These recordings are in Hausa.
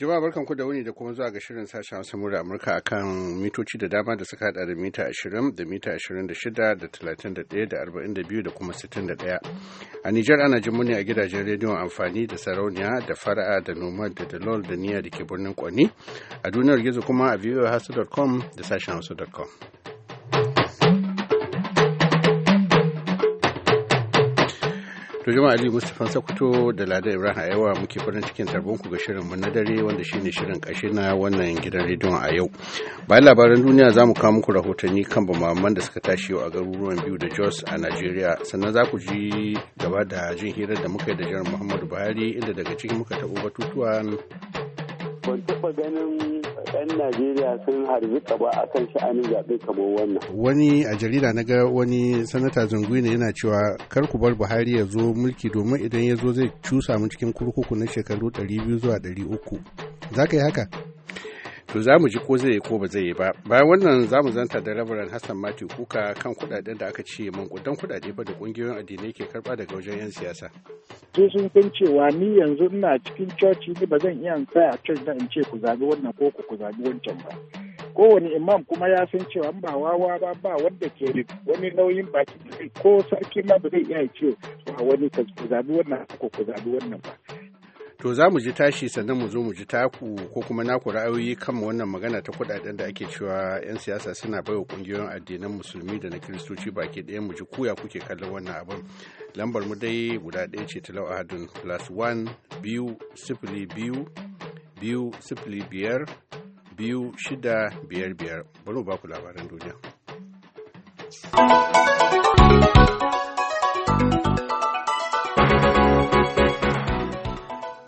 Jama'a ku da wuni da kuma zuwa ga shirin sashen Hausa a Amurka akan mitoci da dama da suka hada da mita 20 da mita 26 da 31 da 42 da kuma 61. A Nijar ana jin muni a gidajen rediyon amfani da sarauniya da fara'a da nomad da dalol da niyya da ke birnin Kwani. A duniyar gizo kuma a voahasu.com da sashen hausa.com. To jama'a Ali Mustapha Sokoto da Lada Ibrahim a yawa muke farin cikin ku ga shirinmu na dare wanda shine shirin kashe na wannan gidan rediyon a yau. Bayan labaran duniya za mu kawo muku rahotanni kan bamaman da suka tashi yau a garuruwan biyu da Jos a nigeria Sannan za ku ji gaba da jin hirar da muka yi da jiran Muhammadu Buhari inda daga ciki muka taɓo batutuwa. 'yan Najeriya sun harbi kaba a kan sha'anin zaɓe kamar wannan. Wani a jarida na ga wani sanata zangui ne yana cewa kar ku bar Buhari ya zo mulki domin idan ya zo zai cusa mu cikin kurkuku na shekaru 200 zuwa 300. Za ka yi haka? to za mu ji ko zai yi ko ba zai yi ba bayan wannan za mu zanta da rabaran hassan mati kuka kan kudaden da aka ce mankudan kudade ba da kungiyoyin addinai ke karba daga wajen yan siyasa su sun san cewa ni yanzu ina cikin coci ne ba zan iya in tsaya a church da in ce ku zabi wannan ko ku zabi wancan ba kowane imam kuma ya san cewa ba wawa ba ba wanda ke wani nauyin baki ko sarki ma ba zai iya ce wani ku zabi wannan ko ku zabi wannan ba To za mu ji tashi sannan mu zo mu ji taku ko kuma naku ra'ayoyi kan wannan magana ta kudaden da ake cewa 'yan siyasa suna baiwa kungiyoyin addinan musulmi da na kiristoci baki ɗaya mu ji kuya kuke kallon wannan abin. Lambar mu dai guda ɗaya ce talau ahadun plus one biyu sifili biyu biyu sifili biyar biyu shida biyar biyar. Bari ba ku labaran duniya.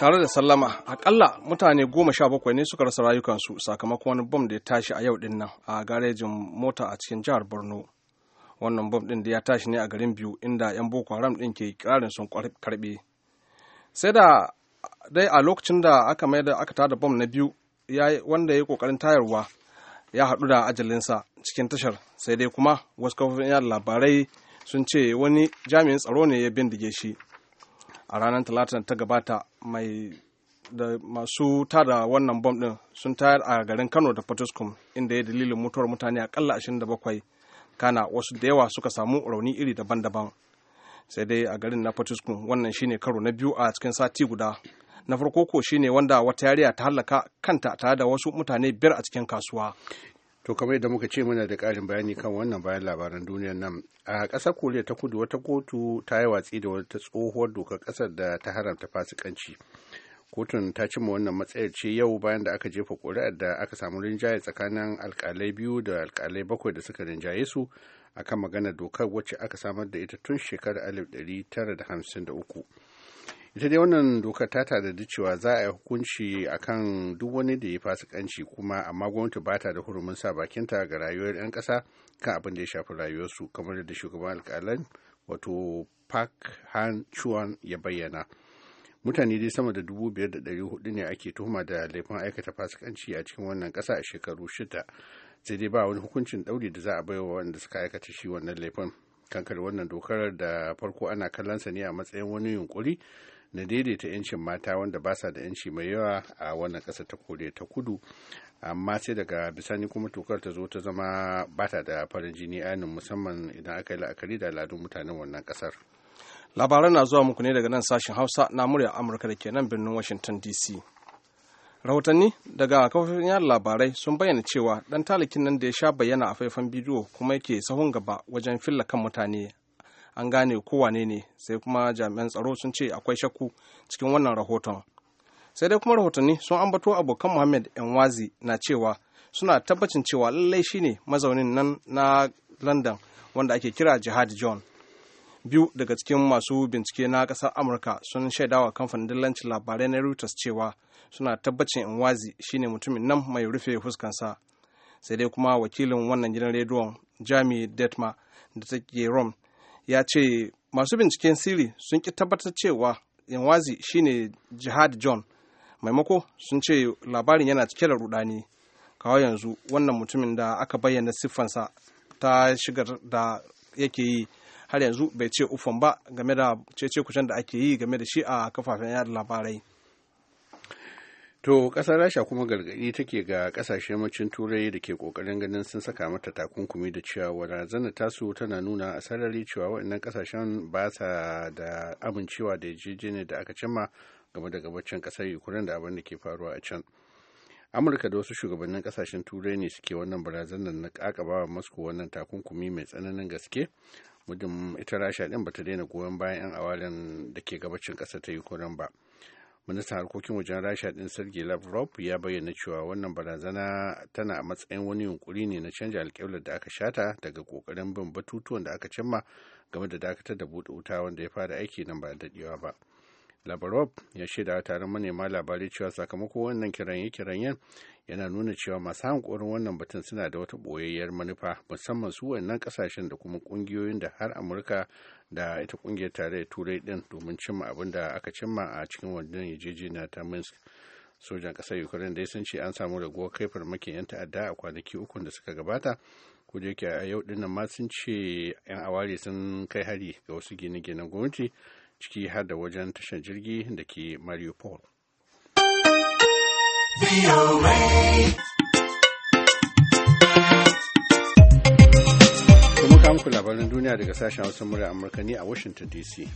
tare da sallama akalla mutane goma sha bakwai ne suka rasa rayukansu sakamakon wani bom da ya tashi a yau din nan a garejin mota a cikin jihar borno wannan bom din da ya tashi ne a garin biyu inda yan boko haram din ke kirarin sun karbe sai da dai a lokacin da aka mai da aka tada bom na biyu wanda ya yi kokarin tayarwa ya haɗu da ajalinsa cikin tashar sai dai kuma wasu kafofin yada labarai sun ce wani jami'in tsaro ne ya bindige shi a ranar talata ta gabata mai da masu tada wannan bom din sun tayar a garin kano da potoskum inda ya dalilin mutuwar mutane akalla 27 kana wasu da yawa suka samu rauni iri daban-daban sai dai a garin na potoskum wannan shine karo na biyu a cikin sati guda na farko ko shine wanda wata yariya ta hallaka kanta tare da wasu mutane biyar a cikin kasuwa To kamar yadda muka ce muna da ƙarin bayani kan wannan bayan labaran duniyar nan. A ƙasar Koriya ta kudu wata kotu ta yi watsi da wata tsohuwar dokar ƙasar da ta haramta fasikanci. Kotun ta cimma wannan matsayar ce yau bayan da aka jefa ƙuri'ar da aka samu rinjaye tsakanin alƙalai biyu da alƙalai bakwai da suka rinjaye su akan maganar dokar wacce aka samar da ita tun shekarar alif ɗari tara da da uku. ita dai wannan dokar ta da cewa za a yi hukunci akan duk wani da ya fasikanci kuma amma gwamnati ba ta da hurumin sa bakinta ga rayuwar 'yan ƙasa kan abin da ya shafi rayuwarsu kamar da shugaban alƙalan wato park han chuan ya bayyana mutane dai sama da dubu biyar da ɗari hudu ne ake tuhuma da laifin aikata fasikanci a cikin wannan kasa a shekaru shida sai dai ba wani hukuncin ɗauri da za a bai wa wanda suka aikata shi wannan laifin kankar wannan dokar da farko ana kallon sa ne a matsayin wani yunkuri na daidaita 'yancin mata wanda ba sa da 'yanci mai yawa a wannan ƙasa ta koriya ta kudu amma sai daga bisani kuma tokar ta zo ta zama bata da farin jini ainihin musamman idan aka yi la'akari da al'adun mutanen wannan kasar. labaran na zuwa muku ne daga nan sashen hausa na murya amurka da ke nan birnin washington dc rahotanni daga kafofin yada labarai sun bayyana cewa dan talakin nan da ya sha bayyana a faifan bidiyo kuma yake sahun gaba wajen filla kan mutane an gane kowa ne sai kuma jami'an tsaro sun ce akwai shakku cikin wannan rahoton sai dai kuma rahotanni sun ambato abokan muhammad enwazi na cewa suna tabbacin cewa lallai shine mazaunin nan na london wanda ake kira jihad john biyu daga cikin masu bincike na ƙasar amurka sun shaidawa kamfanin dillancin labarai na reuters cewa suna tabbacin inwazi shine mutumin nan mai rufe fuskansa sai dai kuma wakilin wannan gidan rediyon jami detma da take rome ya ce masu binciken sirri sun ki tabbatar cewa yanwazi shine jihad john maimako sun ce labarin yana cike da rudani kawo yanzu wannan mutumin da aka bayyana siffansa ta shigar da yake yi har yanzu bai ce ufan ba game da cece kucen da ake yi game da shi a kafafen yada labarai To ƙasar Rasha kuma gargaɗi take ga ƙasashen macin turai da ke ƙoƙarin ganin sun saka mata takunkumi da cewa wadazanar tasu tana nuna a sarari cewa waɗannan ƙasashen ba sa da amincewa da yarjejeniyar da aka cimma game da gabacin ƙasar Ukraine da abin da ke faruwa a can. Amurka da wasu shugabannin ƙasashen turai ne suke wannan barazanar na ƙaƙaba Moscow wannan takunkumi mai tsananin gaske. Muddin ita Rasha ɗin bata daina goyon bayan 'yan awalin da ke gabacin ƙasar ta Ukraine ba. ministan harkokin wajen rasha din sergei lavrov ya bayyana cewa wannan barazana tana a matsayin wani yunkuri ne na canja alƙiblar da aka shata daga kokarin bin batutuwan da aka cimma game da dakatar da buɗe wuta wanda ya fara aiki nan ba da daɗewa ba lavrov ya shaida a taron manema labarai cewa sakamako wannan kiranye-kiranyen yana nuna cewa masu hankorin wannan batun suna da wata ɓoyayyar manufa musamman su wannan kasashen da kuma ƙungiyoyin da har amurka da ita kungiyar tarayyar turai din domin cimma abin da aka cimma a cikin wannan yarjejeniya ta minsk sojan kasar ukraine dai sun ce an samu raguwar kai farmakin 'yan ta'adda a kwanaki uku da suka gabata ko da yake a yau din nan ma sun ce 'yan awari sun kai hari ga wasu gine-ginen gwamnati ciki har da wajen tashar jirgi da ke mariupol. muku labaran duniya daga sashen Hausa murya Amurka ne a Washington DC.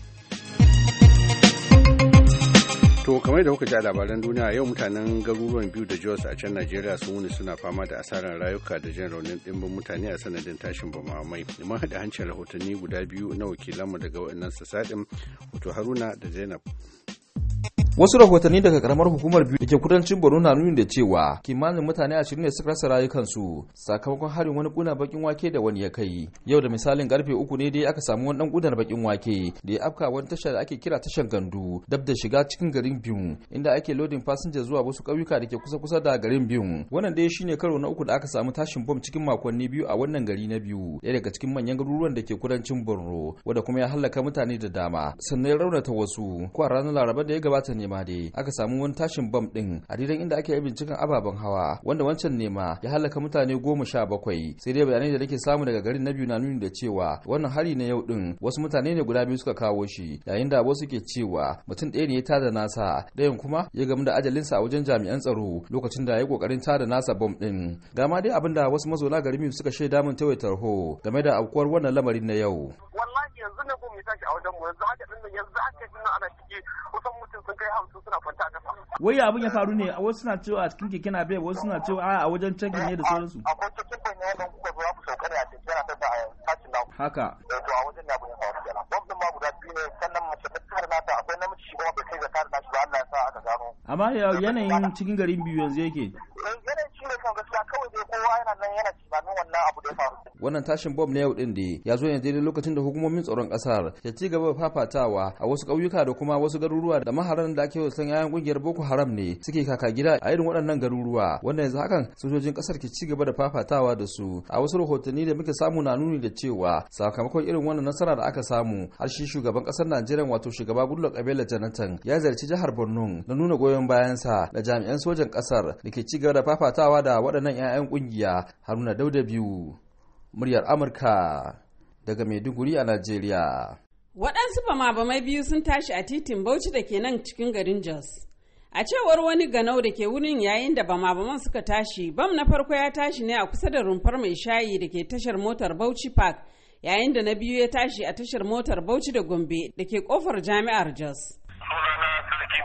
To kamar da kuka ji a labaran duniya yau mutanen garuruwan biyu da Jos a can Najeriya sun wuni suna fama da asarar rayuka da jan raunin ɗimbin mutane a sanadin tashin bamamai. Mun haɗa hancin rahotanni guda biyu na wakilanmu daga waɗannan sassaɗin wato Haruna da Zainab. Wasu rahotanni daga karamar hukumar biyu da ke kudancin Borno na nuni da cewa kimanin mutane ashirin ne suka rasa rayukansu sakamakon harin wani kuna bakin wake da wani ya kai. Yau da misalin karfe uku ne dai aka samu wani dan kunar bakin wake da ya afka wani tasha da ake kira tashan gandu dab da shiga cikin garin biyu inda ake lodin fasinja zuwa wasu ƙauyuka da ke kusa kusa da garin biyu. Wannan dai shine karo na uku da aka samu tashin bom cikin makonni biyu a wannan gari na biyu ɗaya daga cikin manyan garuruwan da ke kudancin Borno wanda kuma ya halaka mutane da dama sannan ya raunata wasu. Kwa ranar Laraba da ya gabata ne ne ma aka samu wani tashin bam din a didan inda ake binciken ababen hawa wanda wancan nema ya halaka mutane goma sha bakwai sai dai bayanai da nake samu daga garin na biyu na nuni da cewa wannan hari na yau din wasu mutane ne guda biyu suka kawo shi yayin da wasu ke cewa mutum ɗaya ne ya tada nasa ɗayan kuma ya gamu da ajalinsa a wajen jami'an tsaro lokacin da ya kokarin tada nasa bam din ga ma dai abinda wasu mazauna garin suka shaida min tawaitar ho game da aukuwar wannan lamarin na yau yanzu na gumi tashi a wajen mu yanzu haka dinnan yanzu haka din ana ciki kusan mutum sun kai hamsin suna kwanta kasa wai abin ya faru ne wasu suna cewa a cikin keke na bai wasu suna cewa a wajen canki ne da sauransu a kwanta cikin ne wannan kuka zo ku sauka da yana ta da tashin na haka da eh, to a wajen ya ya faru kenan bomb din ma guda biyu ne sannan mace ta kare nata akwai namiji shi kuma bai kai ga kare nashi ba Allah ya sa aka gano amma yanayin cikin garin biyu yanzu yake eh, yanayin shi ne kan gaskiya kawai dai kowa yana nan yana tunanin wannan abu da ya faru wannan tashin bom na yau din da ya zo ne daidai lokacin da hukumomin tsaron kasar ya ci gaba da fafatawa a wasu ƙauyuka da kuma wasu garuruwa da maharan da ake san yayan kungiyar boko haram ne suke kaka gida a irin waɗannan garuruwa wanda yanzu hakan sojojin kasar ke ci gaba da fafatawa da su a wasu rahotanni da muke samu na nuni da cewa sakamakon irin wannan nasara da aka samu har shi shugaban kasar Najeriya wato shugaba Goodluck Abela Jonathan ya zarci jihar Borno na nuna goyon bayansa da jami'an sojan kasar da ke ci gaba da fafatawa da waɗannan 'ya'yan kungiya Haruna Dauda biyu muryar Amurka daga Maiduguri a Najeriya. Waɗansu bama bamai biyu sun tashi a titin Bauchi da ke nan cikin garin Jos. A cewar wani ganau da ke wurin yayin da bama-baman suka tashi, bam na farko ya tashi ne a kusa da rumfar mai shayi da ke tashar motar Bauchi Park, yayin da na biyu ya tashi a tashar motar Bauchi da Gombe da ke kofar jami'ar Jos. Sunana sarki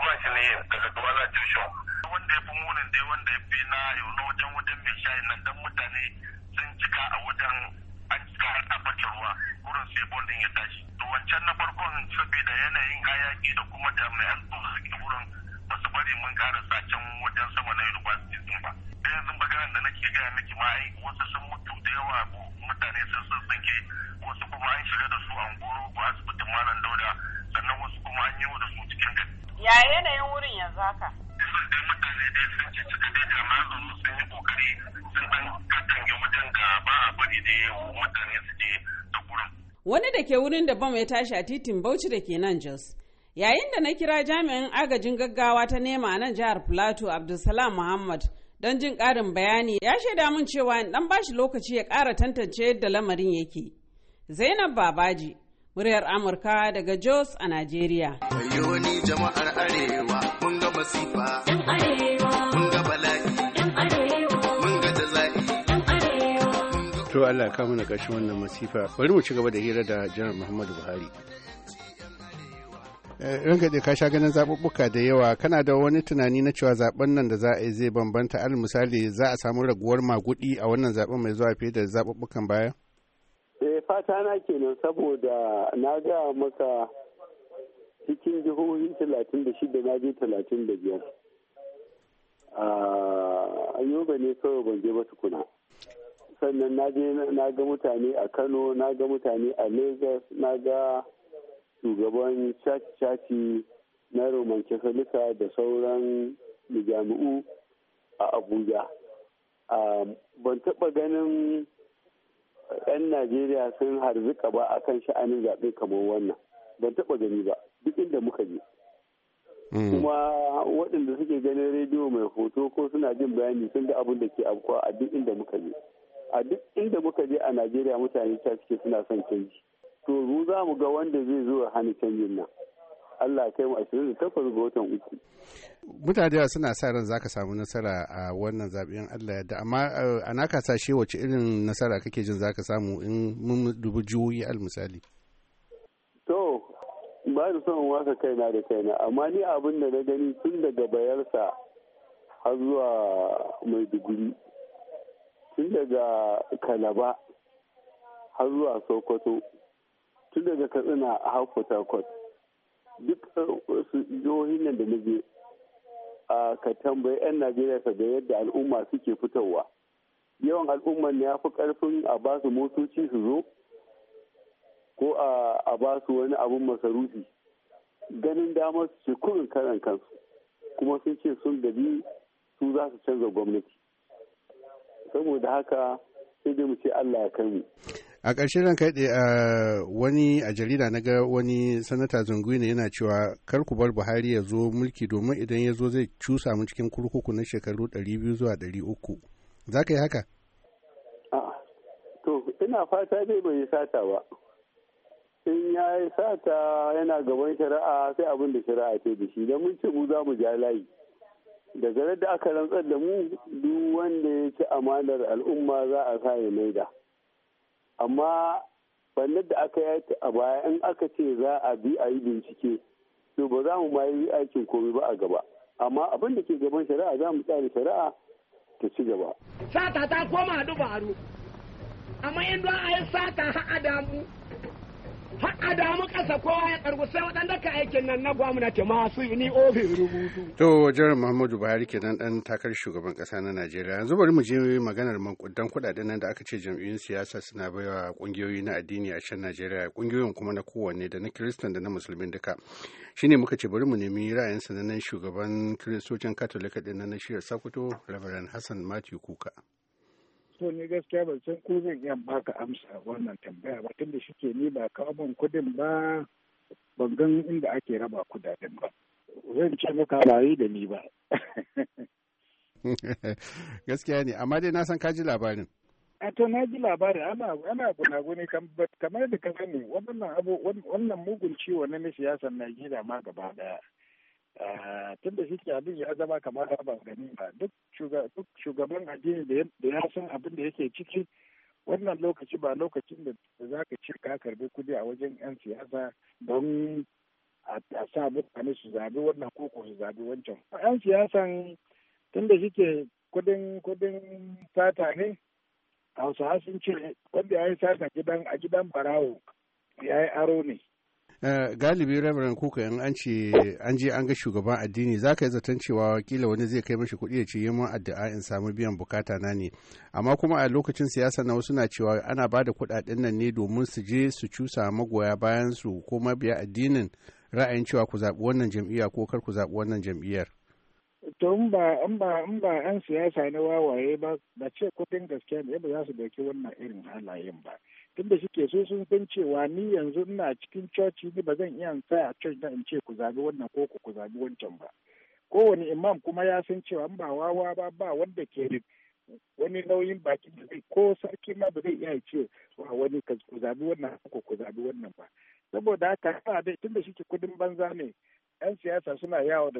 ba shi wancan na farkon saboda yanayin hayaki da kuma jami'an bari mun sa can wajen sama na university din ba da yanzu maganar da nake gaya miki ma ai wasu sun mutu da yawa ko mutane sun sun tsinke wasu kuma an shiga da su an goro ba asibitin malam dauda sannan wasu kuma an yi da su cikin gari ya yanayin wurin yanzu haka sun dai mutane dai sun ci cika dai jama'a sun sun yi kokari sun dan katange wajen da ba a bari dai mutane su je da gurin wani da ke wurin da bam ya tashi a titin bauchi da ke nan jos Yayin da na kira jami'in agajin gaggawa ta nema a nan jihar Plateau Abdulsalam Muhammad don jin ƙarin bayani ya shaida min cewa in dan bashi lokaci ya ƙara tantance yadda lamarin yake. Zainab Babaji, muryar Amurka daga Jos a Najeriya. To Allah ya kawo mana ƙarshen wannan masifa. Bari mu ci gaba da hira da Janar Muhammadu Buhari. Eh, da ka sha ganin zaɓuɓɓuka da yawa kana da wani tunani na cewa zaben nan da za a yi zai bambanta al misali za a samu raguwar magudi a wannan zaben mai zuwa fiye da zaɓuɓɓukan baya? Eh fata na kenan saboda na ga maka cikin jihohi talatin da shida na je talatin da biyar. Ah, Yoba ne kawai ban je ba tukuna. Sannan na je na ga mutane a Kano, na ga mutane a Lagos, na ga shugaban shafi na roman katolika da sauran jami'u a abuja um, ban taba ganin 'yan najeriya sun harzika ba akan sha'anin zaɓe kamar wannan ban taba gani ba duk inda muka je hmm. kuma waɗanda suke ganin rediyo mai hoto ko suna jin bayani sun da abin da ke abuwa a duk inda muka je a duk inda muka je a najeriya mutane ta suke suna son canji to mu za mu ga wanda zai zo ya hana canjin nan Allah kai mu 28 ga watan uku. Mutane da suna sa ran zaka samu nasara a wannan zaɓen Allah yadda amma eh, a na kasashe wace irin nasara kake jin zaka samu in mun dubi jihohi al misali. To ba da son wasa kaina da kaina amma ni abin da na gani tun daga bayarsa har zuwa maiduguri tun daga kalaba har zuwa sokoto tun daga katsina a har port duk eh, wasu jihohin nan da na je ka tambayi 'yan najeriya ka ga yadda al'umma suke fitowa yawan al'ummar ne ya fi karfin a ba su motoci su zo ko a ba su wani abin masarufi ganin damar su ce kurin karan kansu kuma sun ce sun gabi su za su canza gwamnati saboda haka sai dai mu ce allah ya kai mu a ƙarshen ran kaɗe eh, a wani a jarida na ga wani sanata zungui ne yana cewa kar ku bar buhari ya zo mulki domin idan ya zo zai cusa mu cikin kurkuku na shekaru 200 zuwa 300 za ka yi haka to ina fata dai bai sata ba in ya yi sata yana gaban shari'a sai abin da shari'a ce da shi don mun ce mu za mu ja layi daga da aka rantsar da mu duk wanda ya ci amanar al'umma za a sa ya maida amma bannar da aka yi a baya in aka ce za a bi a yi bincike to ba za mu ma yi aikin komai ba a gaba amma abin da ke gaban shari'a za mu tsare shari'a ta ci gaba. sata ta koma dubaru amma in a yi sata ha'a damu a damu ƙasa kowa ya tsargu sai waɗanda ka aikin nan na gwamnati masu ni ofin rubutu. To jiran Muhammadu Buhari nan ɗan takarar shugaban ƙasa na Najeriya yanzu bari mu je maganar mankudan kuɗaɗen nan da aka ce jam'iyyun siyasa suna baiwa ƙungiyoyi na addini a can Najeriya ƙungiyoyin kuma na kowanne da na Kiristan da na musulmi duka. Shine muka ce bari mu nemi ra'ayin sanannen shugaban Kiristocin Katolika ɗin na shirya Sokoto, Reverend Hassan Matthew Kuka. to ni gaskiya ban san ko zan iya baka amsa wannan tambaya ba tunda shi ke ni ba kawo min kudin ba ban gan inda ake raba kudaden ba zan ce maka ba yi da ni ba gaskiya ne amma dai na san ka ji labarin a to na ji labarin ana ana gunaguni kamar da ka sani wannan abu wannan mugun ciwo na siyasar Najeriya ma gaba daya Ah, tun da shi abin ya zama kamar rabin gani ba duk shugaban addini da ya san abin da yake ciki wannan lokaci ba lokacin da za ka ce ka karbi kudi a wajen 'yan siyasa don a sa mutane su zabi wannan koko su zabi wancan. 'yan siyasan tun da shike kudin kudin sata ne hausawa sun ce wanda ya yi sata gidan a gidan barawo ya yi aro ne Eh, galibi reverend kuka in an ce an je an ga shugaban addini za ka yi zaton cewa kila wani zai kai mashi kuɗi da ce yi addu'a in samu biyan bukata na ne amma kuma a lokacin siyasa na wasu na cewa ana ba da kuɗaɗen nan ne domin su je su cusa magoya bayan su ko mabiya addinin ra'ayin cewa ku zaɓi wannan jam'iyya ko kar ku zaɓi wannan jam'iyyar. to in ba in ba in ba an siyasa na wawaye ba ba ce kuɗin gaskiya ne ba za su dauki wannan irin halayen ba. tunda suke so sun san cewa ni yanzu ina cikin coci ne ba zan iya tsaya a coci in ce ku zabi wannan ko ku zabi wancan ba kowane imam kuma ya san cewa ba wawa ba ba wanda ke wani nauyin bakin da zai ko sarki ma ba zai iya ce wa wani ku zabi wannan ko ku zabi wannan ba saboda haka yana dai tunda shi kudin banza ne yan siyasa suna yawo da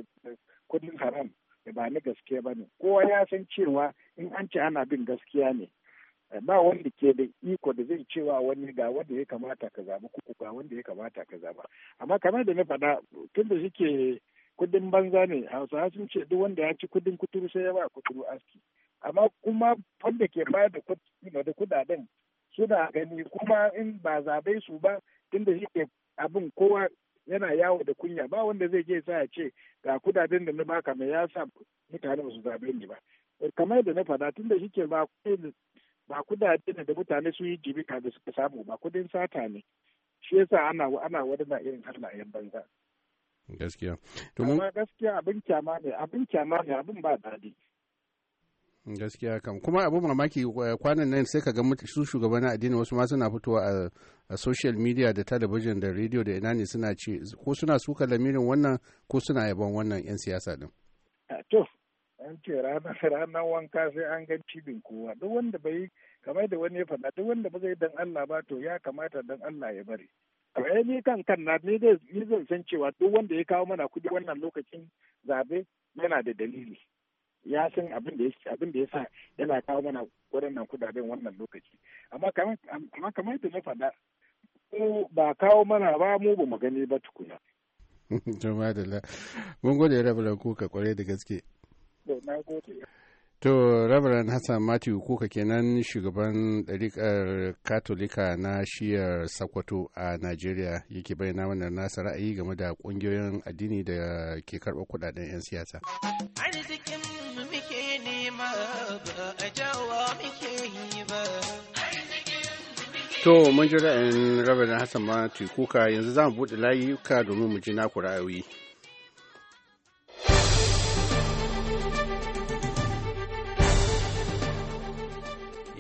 kudin haram da ba ni gaskiya ba ne kowa ya san cewa in an ce ana bin gaskiya ne Eh, ba wanda ke da iko da zai cewa wani ga wanda ya kamata ka zaba ko ga wanda ya kamata ka zaba amma kamar da na faɗa tun da shike kudin banza ne hausawa sun ce duk wanda ya ci kudin kuturu sai ya ba kuturu aski amma kuma wanda ke bayar da kudaden suna gani kuma in ba zabe su ba tun da shike abin kowa yana yawo da kunya ba wanda zai je sa ya ce ga kudaden da na baka mai ya sa mutane ba su zabe ni ba eh, kamar da na faɗa tun da shike ba ba kudade ne da mutane su yi jibika da suka samu ba kudin sata ne shi yasa ana ana wadana irin halayen banza gaskiya amma gaskiya abin kyama ne abin kyama ne abin ba daɗi gaskiya kam kuma abu mamaki eh, kwanan nan sai ka ga su shugabannin addini wasu ma suna fitowa a social media da talabijin da rediyo da ina ne suna ce ko suna suka lamirin wannan ko suna yabon wannan 'yan siyasa din an ce ranar wanka sai an ga cibin kowa duk wanda bai kamar da wani ya faɗa duk wanda ba zai dan Allah ba to ya kamata dan Allah ya bari to eh ni kan kan na ni dai ni zan san cewa duk wanda ya kawo mana kuɗi wannan lokacin zabe yana da dalili ya san abin da ya abin da yasa yana kawo mana waɗannan kudaden wannan lokaci amma kamar kamar da na faɗa ko ba kawo mana ba mu ba magani gani ba tukuna da madalla mun gode rabu kuka kwarai da gaske To, na gode. To, Reverend Hassan Matthew Kuka kenan shugaban ɗariƙar Katolika na shiyar Sokoto a Najeriya yake bayyana wannan nasa ra'ayi game da ƙungiyoyin addini da ke karɓar kuɗaɗen 'yan siyasa. Arzikin ba a To, mun jira ra'ayin Reverend Hassan Matthew Kuka yanzu za mu buɗe layuka domin mu ji naku ra'ayoyi.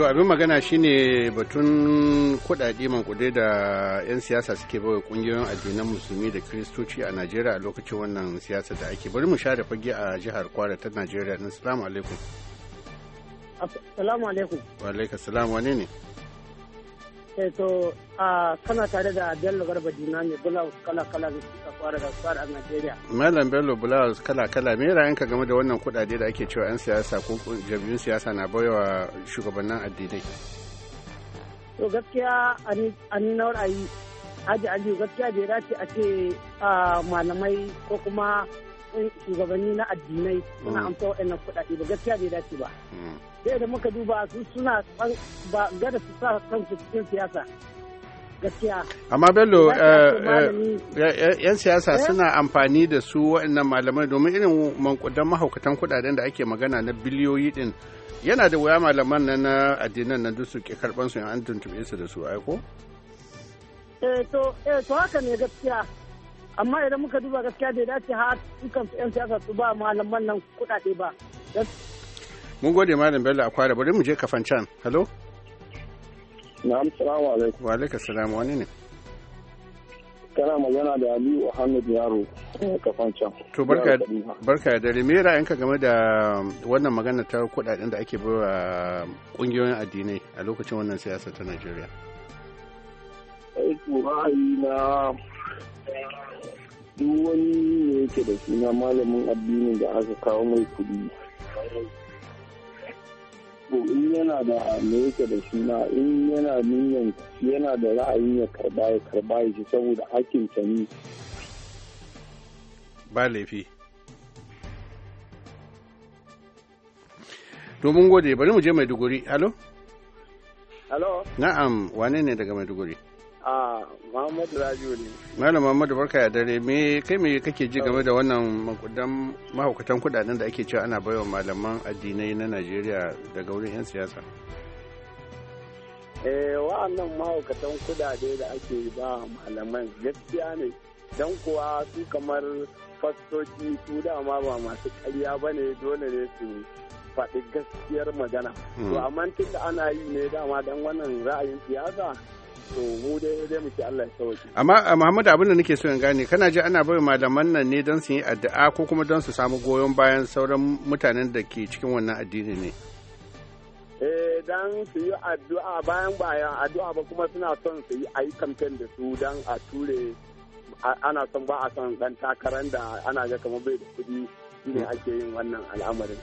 to abin magana shine batun kudade man mankudai da 'yan siyasa suke bawa kungiyoyin addinan musulmi da kiristoci a najeriya a lokacin wannan siyasa da ake bari mu sha fage a jihar kwara ta najeriya na salamu alaikum salamu alaikum wa alaikum salam wane ne Eh, to a kana tare da bello garba dina ne blouse kala kala da suka fara da fara a nigeria malam bello blouse kala kala me ka game da wannan kudade da ake cewa 'yan siyasa ko jam'iyyun siyasa na wa shugabannin addinai to gaskiya a ni na ra'ayi haji aliyu gaskiya bai dace a ce malamai ko kuma eh, shugabanni na addinai suna mm. amsa waɗannan kudade ba gaskiya bai dace ba mm. sai da muka duba su suna ba gada su sa kansu cikin siyasa gaskiya amma bello eh, eh, yan siyasa eh? suna amfani da su waɗannan malamai domin irin mankudan mahaukatan kudaden da ake magana na biliyoyi din yana da wuya malaman na na addinan nan duk su ke karban su an tuntube su da su aiko eh to eh to haka ne gaskiya amma idan muka duba gaskiya bai dace har dukan yan siyasa su ba malaman nan kudade ba mun gode malam bello kwara bari mu je kafan can hello na'am salamu alaikum wa alaikum salam wani ne kana magana da aliyu ahmed yaro eh, kafan can to barka da dare me ra'ayinka game da um, wannan magana ta kudaden da ake bai wa kungiyoyin um, addinai a lokacin wannan siyasa ta najeriya eh, ra'ayi na duk wani ne yake da suna malamin addinin da aka kawo mai kudi to in yana da me yake da suna in yana niyan yana da ra'ayin ya karba ya karba ya shi saboda hakkin ta ne ba laifi domin gode bari mu je maiduguri alo alo na'am wane ne daga maiduguri a Muhammadu rajo ne. Malam Muhammadu barka ya dare me kai me kake ji game da wannan makudan mahaukatan kudaden da ake cewa ana baiwa malaman addinai na Najeriya daga wurin 'yan siyasa? Eh wa'annan mahaukatan kudade da ake ba malaman gaskiya ne don kuwa su kamar fastoci su dama ba masu karya ba ne dole ne su faɗi gaskiyar magana. To hmm. amma tun da ana yi ne dama don wannan ra'ayin siyasa mu dai mu ce Allah ya sauke amma Muhammad abin da nake so in gane kana ji ana bai malaman nan ne don su yi addu'a ko kuma don su samu goyon bayan sauran mutanen da ke cikin wannan addini ne eh dan su yi addu'a bayan bayan addu'a ba kuma suna son su yi ayyukan kan da su dan a ture ana son ba a son dan takarar da ana ga kamar bai da kuɗi shine ake yin wannan al'amarin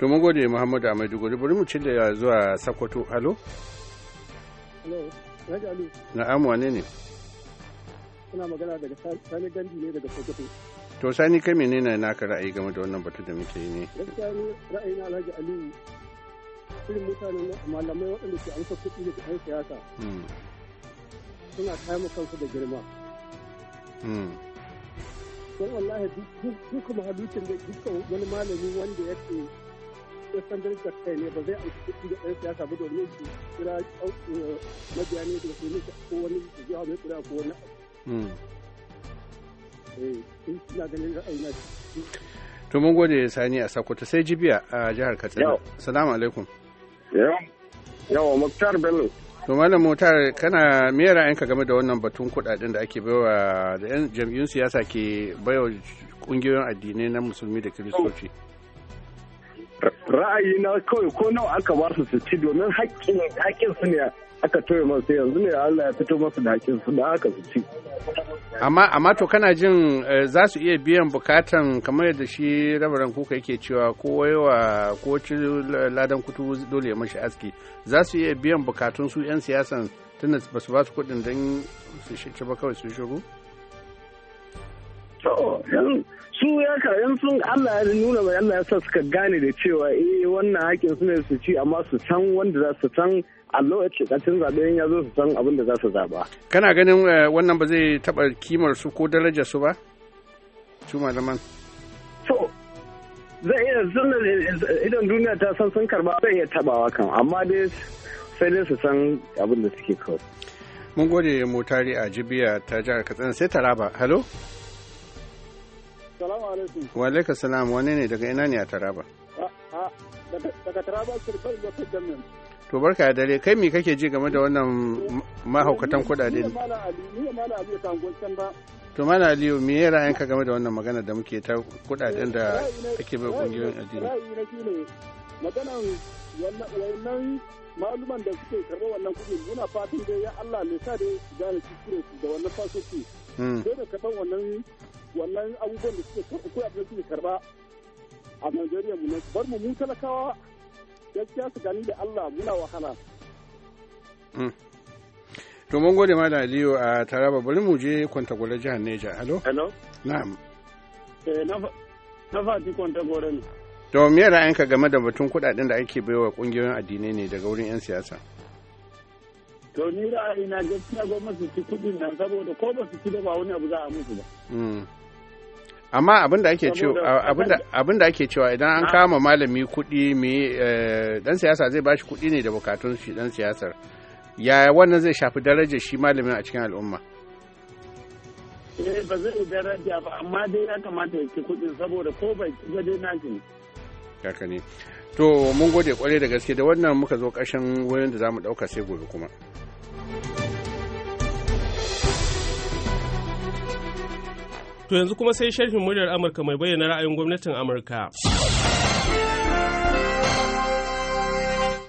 to mun gode Muhammadu Amadu Gori bari mu cilla zuwa Sokoto halo Hello. Alhaji Ali. Na'am wane ne? Ina magana daga Sani Gandi ne daga Sokoto. To Sani kai menene naka ra'ayi game da wannan batu da muke yi ne? Gaskiya ni ra'ayi na Alhaji Ali irin mutanen malamai waɗanda ke amsa kuɗi da ɗan siyasa. Hmm. Suna kayan kansu da girma. Hmm. Don wallahi duk kuma halittar da dukkan wani malami wanda ya ce san darajar ba zai da Sani a Sokoto sai Jibiya a jihar Katsina. Salamu alaikum. Yawa Muktar Bello. To Malam Muktar kana me ka game da wannan batun kuɗaɗen da ake baiwa da 'yan jam'iyyun siyasa ke baiwa ƙungiyoyin addinai na musulmi da kiristoci. ra'ayi na kawai ko nawa aka ba su su ci domin haƙƙin su ne aka toye masu yanzu ne Allah ya fito masu da haƙƙin su da aka su ci. Amma amma to kana jin eh, za su iya biyan bukatan kamar yadda shi rabaran kuka yake cewa ko waiwa ko ci ladan kutu dole ya mashi aski za su iya biyan bukatun su 'yan siyasan tunda ba su ba su kuɗin don su shi ba kawai su shigo? su ya kayan sun Allah ya nuna mai Allah ya sa suka gane da cewa eh wannan haƙin su ne su ci amma su san wanda za su san allo a cikin zaɓe ya zo su san abin da za su zaɓa. Kana ganin eh, wannan ba zai taɓa kimar su ko darajar su ba? Su malaman. So, zai iya sunan idan duniya ta san sun karba zai iya tabawa kan amma dai sai dai su san abin da suke kawai. Mun gode motari a Jibiya ta jihar Katsina sai Taraba. Hello. Salamu alaikum. Wa salam wane ne daga ina ne a Taraba? Daga Taraba Kirbai Local Government. To barka dare kai me kake ji game da wannan mahaukatan kudade ne Malam Aliyu, Aliyu kan gwancan ba. To Malam Aliyu me ya ra'ayinka game da wannan magana da muke ta kudaden da eh, ake bai kungiyoyin addini? Ra'ayi maganan wannan maluman da suke karɓar wannan kuɗi muna fatan dai ya Allah ne sa dai gane cikin da wannan fasoci. Hmm. Sai da karɓar wannan wannan abubuwan da suke karɓi ko abin da suke karɓa a Najeriya mu bar mu mun talakawa gaskiya su gani da Allah muna wahala. Hmm. To mun gode ma da Aliyu a Taraba bari mu je Kwantagore jihar Neja. Hello? Hello? Na'am. Eh na fati Kwantagore ne. To me ra'ayinka game da batun kuɗaɗen da ake baiwa ƙungiyoyin addinai ne daga wurin 'yan siyasa? to ni ra'ayi na gaskiya gwamnati su ci kudin nan saboda ko ba su ci da ba wani abu za a musu ba. Hmm. amma abin da ake cewa ake cewa idan an ah. kama malami kuɗi me dan eh, siyasa zai bashi kuɗi ne da bukatun shi dan siyasar ya wannan zai shafi darajar shi malamin a cikin al'umma eh ba zai daraja ba amma dai ya kamata ya ci kuɗin saboda ko bai ci ba dai nashi haka ne to mun gode kwarai da gaske da wannan muka zo ƙarshen wurin da zamu ɗauka sai gobe kuma To yanzu kuma sai sharhin muryar Amurka mai bayyana ra'ayin gwamnatin Amurka.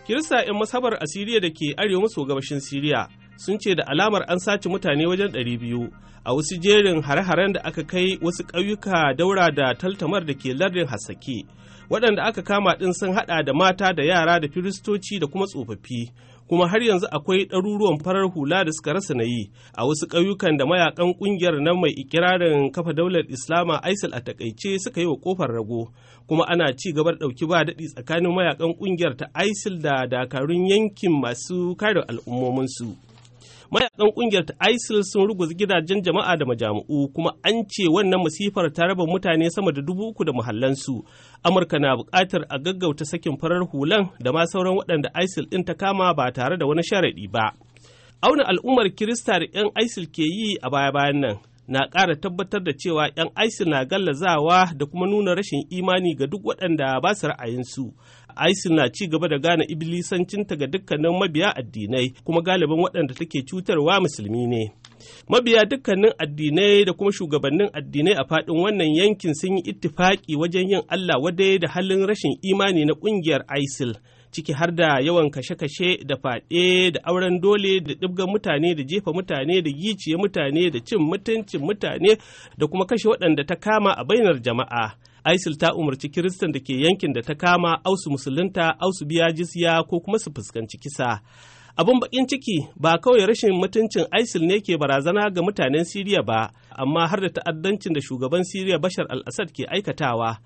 Kirista 'yan masabar Asiriya da ke arewa maso gabashin Siriya sun ce da alamar an sace mutane wajen 200 a wasu jerin hare-haren da aka kai wasu ƙauyuka daura da taltamar da ke lardin hasake waɗanda aka kama ɗin sun haɗa da mata da yara da firistoci da kuma tsofaffi kuma har yanzu akwai ɗaruruwan farar hula da suka rasa na yi a wasu ƙauyukan da mayakan ƙungiyar nan mai ikirarin kafa daular islama isil a takaice suka yi wa kofar rago kuma ana ci gabar ɗauki ba daɗi tsakanin mayakan ƙungiyar ta isil da dakarun yankin masu kare al'ummominsu mayakan ƙungiyar ta isil sun ruguza gidajen jama'a da majami'u kuma an ce wannan masifar ta raba mutane sama da dubu uku da muhallansu amurka na bukatar a gaggauta sakin farar hulan da ma sauran waɗanda isil ɗin ta kama ba tare da wani sharaɗi ba auna al'ummar kirista da 'yan isil ke yi a baya-bayan nan na ƙara tabbatar da cewa 'yan isil na gallazawa da kuma nuna rashin imani ga duk waɗanda ba su ra'ayinsu isil na ci gaba da gane ibilisancinta ga dukkanin mabiya addinai kuma galibin waɗanda take cutarwa musulmi ne mabiya dukkanin addinai da kuma shugabannin addinai a faɗin wannan yankin sun yi ittifaƙi wajen yin Allah wadai da halin rashin imani na ƙungiyar ISIL ciki har da yawan kashe-kashe da faɗe da auren dole da ɗibgan mutane da jefa mutane da giciye mutane da cin mutuncin mutane da kuma kashe waɗanda ta kama a bainar jama'a. ISIL ta umarci Kiristan da ke yankin da ta kama ausu musulunta ausu biya jisya ko kuma su fuskanci kisa. Abin bakin ciki ba kawai rashin mutuncin ISIL ne ke barazana ga mutanen Siriya ba, amma har da ta'addancin da shugaban Siriya Bashar al-Assad ke aikatawa.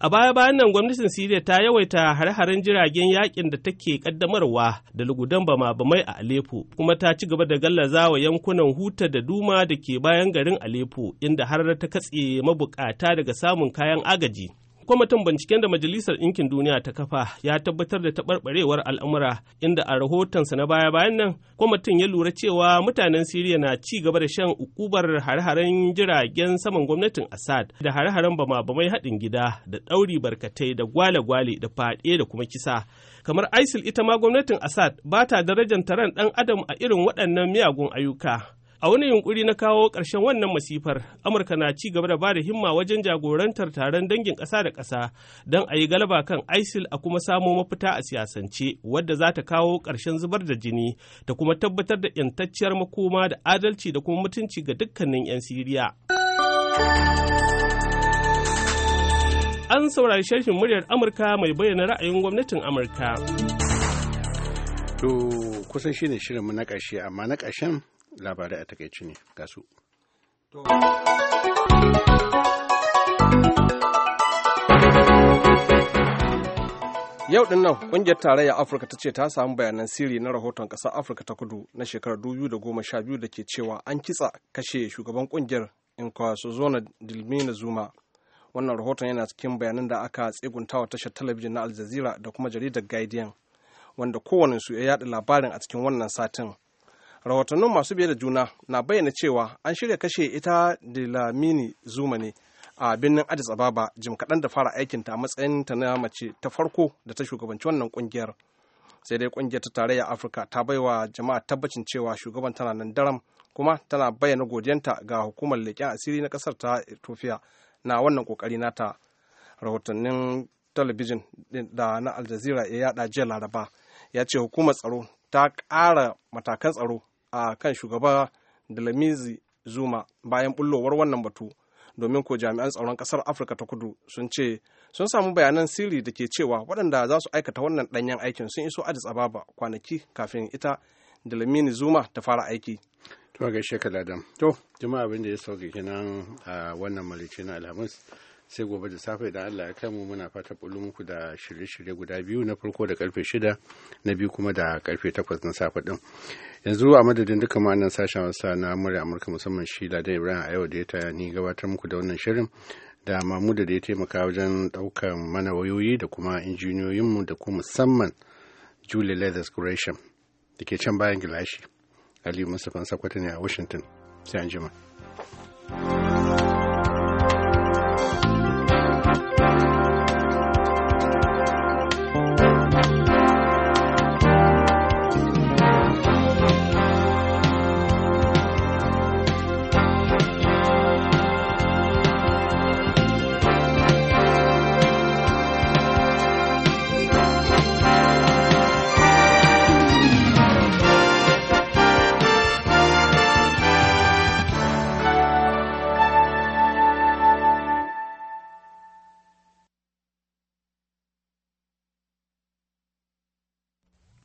A baya-bayan nan gwamnatin Siriya ta yawaita hare-haren jiragen yakin da take kaddamarwa da lugudan bama-bamai a Aleppo, kuma ta ci gaba da gallaza wa yankunan Huta da Duma da ke bayan garin Aleppo, inda har ta katse mabukata daga samun kayan agaji. kwamitin binciken da majalisar ɗinkin duniya ta kafa ya tabbatar da taɓarɓarewar al'amura inda a rahotonsa na baya-bayan nan kwamitin ya lura cewa mutanen siriya na ci gaba da shan ukubar hare-haren jiragen saman gwamnatin assad da hare-haren bama-bamai haɗin gida da ɗauri barkatai da gwale-gwale da faɗe da kuma kisa kamar isil ita ma gwamnatin assad ba ta darajar taron ɗan adam a irin waɗannan miyagun ayyuka A wani yunkuri na kawo ƙarshen wannan masifar, Amurka na ci gaba da ba da himma wajen jagorantar taron dangin ƙasa da ƙasa don a yi galaba kan ISIL a kuma samo mafita a siyasance wadda za ta kawo ƙarshen zubar da jini da kuma tabbatar da ‘yantacciyar makoma da adalci da kuma mutunci ga dukkanin 'yan Siriya. An saurari sharhin muryar Amurka mai bayyana ra'ayin gwamnatin Amurka. To kusan shine shirinmu na ƙarshe amma na ƙarshen labarai a takaici ne ga su Yau din nan ƙungiyar tarayyar Afirka ta ce ta samu bayanan sirri na rahoton ƙasar Afirka ta kudu na shekarar 2012 da ke cewa an kitsa kashe shugaban ƙungiyar kungiyar Nkwaso Dilmina Zuma. Wannan rahoton yana cikin bayanan da aka tseguntawa tashar talabijin na Al Jazeera da kuma jaridar Guardian, wanda kowane su ya yaɗa labarin a cikin wannan satin. rahotannin masu biye da juna na bayyana cewa an shirya kashe ita dilamini zuma ne a birnin addis ababa jim kaɗan da fara aikinta a matsayin ta na mace ta farko da ta shugabanci wannan ƙungiyar sai dai ƙungiyar ta tarayya afirka ta bai wa jama'a tabbacin cewa shugaban tana nan daram kuma tana bayyana godiyanta ga hukumar leƙen asiri na ƙasar ta ethiopia na wannan ƙoƙari nata rahotannin talabijin da na aljazira ya yada jiya laraba ya ce hukumar tsaro ta ƙara matakan tsaro a kan shugaba dalamizi zuma bayan bullowar wannan batu domin ko jami'an tsaron ƙasar afirka ta kudu sun ce sun samu bayanan sirri da ke cewa waɗanda za su aikata wannan ɗanyen aikin sun iso addis ababa kwanaki kafin ita dalamini zuma ta fara aiki to gaishe ka to jama'a abin da ya sauke kenan a wannan malice na alhamis sai gobe da safe idan Allah ya kai mu muna fata bulu muku da shirye-shirye guda biyu na farko da karfe shida na biyu kuma da karfe takwas na safe din yanzu a madadin duka ma'anan sashen wasa na murya amurka musamman shi da dai ibrahim a yau da ya ta ni gabatar muku da wannan shirin da mamuda da ya taimaka wajen ɗaukar mana wayoyi da kuma injiniyoyin mu da kuma musamman julie leathers gresham da ke can bayan gilashi aliyu mustapha sakwata ne a washington sai an jima. thank